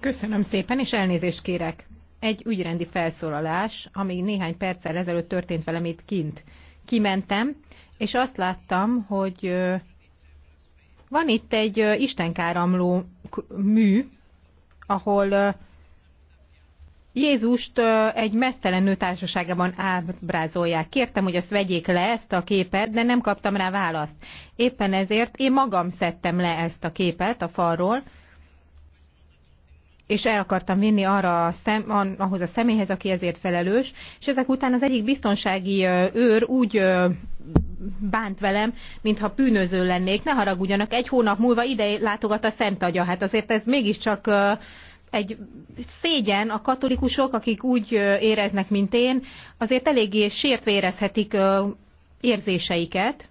Köszönöm szépen, és elnézést kérek. Egy ügyrendi felszólalás, ami néhány perccel ezelőtt történt velem itt kint. Kimentem, és azt láttam, hogy van itt egy istenkáramló mű, ahol Jézust egy mesztelen nő társaságában ábrázolják. Kértem, hogy ezt vegyék le ezt a képet, de nem kaptam rá választ. Éppen ezért én magam szedtem le ezt a képet a falról, és el akartam vinni arra a szem, ahhoz a személyhez, aki ezért felelős, és ezek után az egyik biztonsági őr úgy bánt velem, mintha bűnöző lennék. Ne haragudjanak, egy hónap múlva ide látogat a Szent Agya. Hát azért ez mégiscsak egy szégyen a katolikusok, akik úgy éreznek, mint én, azért eléggé sértve érezhetik érzéseiket,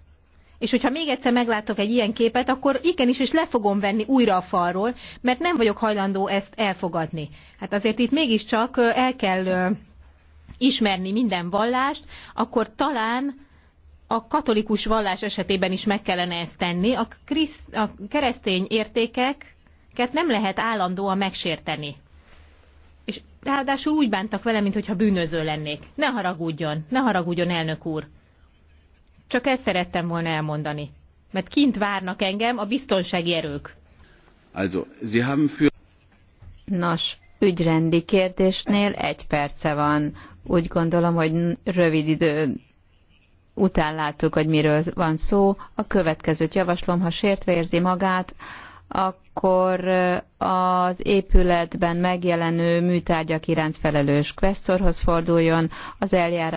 és hogyha még egyszer meglátok egy ilyen képet, akkor igenis is le fogom venni újra a falról, mert nem vagyok hajlandó ezt elfogadni. Hát azért itt mégiscsak el kell ismerni minden vallást, akkor talán a katolikus vallás esetében is meg kellene ezt tenni. A, krisz, a keresztény értékeket nem lehet állandóan megsérteni. És ráadásul úgy bántak vele, mintha bűnöző lennék. Ne haragudjon, ne haragudjon, elnök úr! Csak ezt szerettem volna elmondani. Mert kint várnak engem a biztonsági erők. Also, Sie haben für... Nos, ügyrendi kérdésnél egy perce van. Úgy gondolom, hogy rövid idő után láttuk, hogy miről van szó. A következőt javaslom, ha sértve érzi magát, akkor az épületben megjelenő műtárgyak iránt felelős kvesztorhoz forduljon az eljárás.